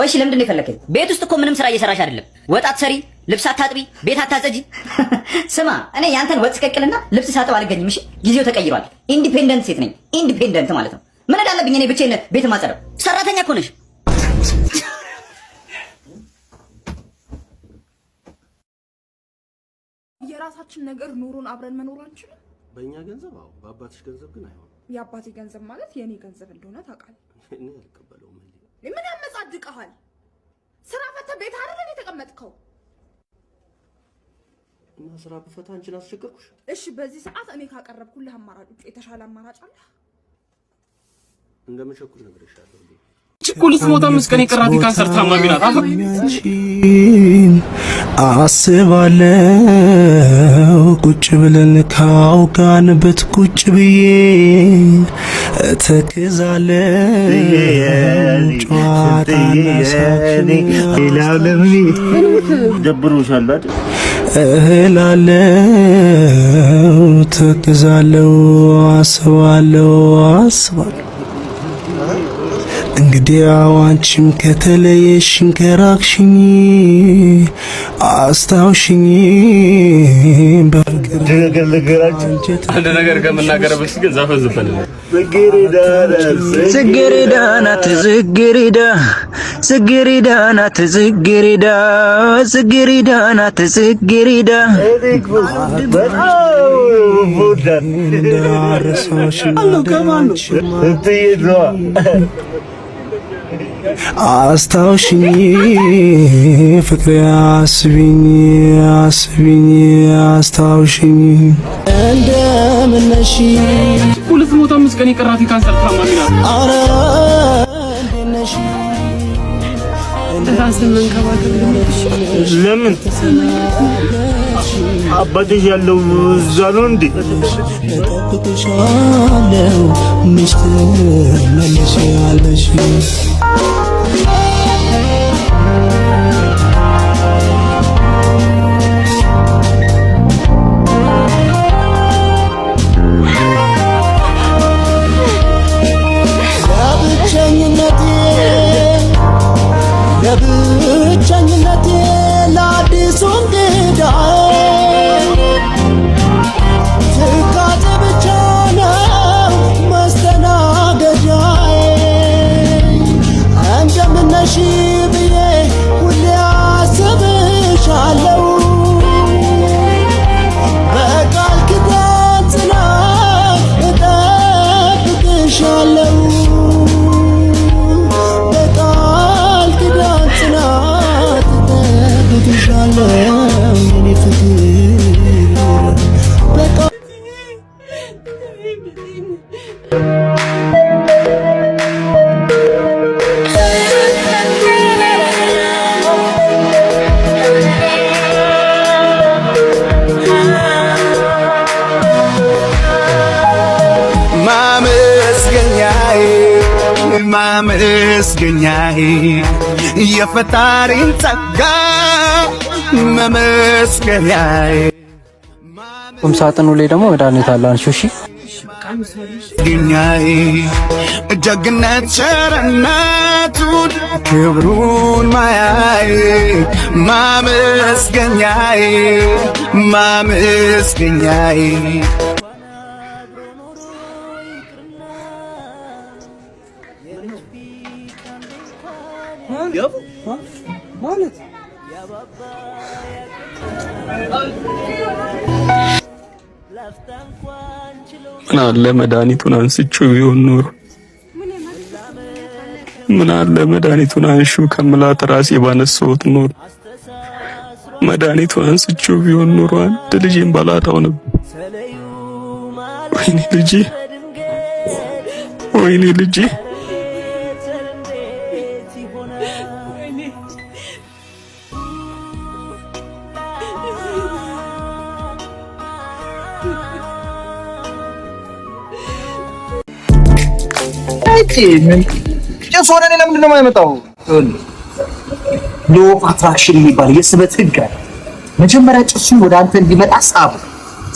ቆይ እሺ፣ ለምንድን ነው የፈለከኝ? ቤት ውስጥ እኮ ምንም ስራ እየሰራሽ አይደለም። ወጣት ሰሪ ልብስ አታጥቢ፣ ቤት አታጸጂ። ስማ፣ እኔ ያንተን ወጥ ስቀቅልና ልብስ ሳጥብ አልገኝም። እሺ፣ ጊዜው ተቀይሯል። ኢንዲፔንደንት ሴት ነኝ። ኢንዲፔንደንት ማለት ነው። ምን እላለብኝ እኔ ብቻዬን ቤት ማጸደው? ሰራተኛ እኮ ነሽ። የራሳችን ነገር ኑሮን አብረን መኖር አንችልም። በእኛ ገንዘብ? አዎ። በአባትሽ ገንዘብ ግን አይሆንም። የአባቴ ገንዘብ ማለት የእኔ ገንዘብ እንደሆነ ታውቃለህ። እኔ አልቀበለውም ምን ያመጻድቀዋል? ስራ ፈተ ቤት አይደል የተቀመጥከው? እና ስራ ብፈታ አንቺን አስቸገርኩሽ? እሺ፣ በዚህ ሰዓት እኔ ካቀረብኩልህ አማራጭ የተሻለ አማራጭ አለ? እንደምቸኩል ነግሬሻለሁ። እኮ ልትሞት አምስት ቀን የቀራት ካንሰር ታማሚ ናት። አስባለው ቁጭ ብለን ካውጋንበት ቁጭ ብዬ ተክዛለን እህላለው ተክዛለው አስባለው አስባለው እንግዲህ አዋንችም ከተለየሽን ከራቅሽኝ አስታውሽኝ። አንድ ነገር ከምናገር በፊት ግን ዘፈን ዝፈን ጽጌሬዳ ናት ጽጌሬዳ ጽጌሬዳ ናት ጽጌሬዳ ጽጌሬዳ ናት ጽጌሬዳ አስታውሽኝ ፍቅሬ አስቢኝ አስቢኝ አስታውሽኝ እንደምነሽ ሁለት ሞታ አምስት ቀን የቀራት ካንሰር ታማሚ ናት። ለምን አባትሽ ያለው እዛ ነው እንዴ? እጠብቅሻለሁ ምሽት መልሽ ያለሽ ለብቸኝነቴ ለአዲሱ እንግዳ ማመስገኛዬ የፈጣሪን ጸጋ መመስገኛዬ ቁምሳጥኑ ላይ ደግሞ መድኃኒት አለ አንሺው። እሺ ኛዬ እጀግነት ቸርነቱን ክብሩን ማያዬ ማመስገኛዬ ማመስገኛዬ ማለት ምን አለ መድኃኒቱን አንስቼው ቢሆን ኖሮ ምን አለ መድኃኒቱን አንሹ ከምላት ራሴ ባነሳሁት ኖሮ መድኃኒቱን አንስቼው ቢሆን ኖሮ አንድ ልጄን ባላጣው ነበር። ወይኔ ልጄ፣ ወይኔ ልጄ ላይክ ጭስ ሆነ እኔ ለምንድን ነው የማይመጣው? ሎ አትራክሽን የሚባል የስበት ህግ አለ። መጀመሪያ ጭሱን ወደ አንተ እንዲመጣ ሳብ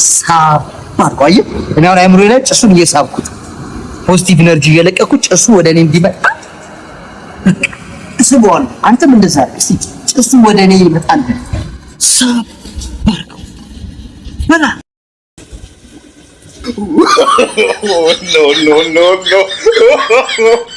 ሳብ አድርገው። አየህ፣ እኔ አሁን አይምሮ ላይ ጭሱን እየሳብኩት ፖዚቲቭ ኤነርጂ እየለቀኩት ጭሱ ወደ እኔ እንዲመጣ እስበዋለሁ። አንተም እንደዛ ጭሱ ወደ እኔ ይመጣል ሳብ oh, no, no, no, no.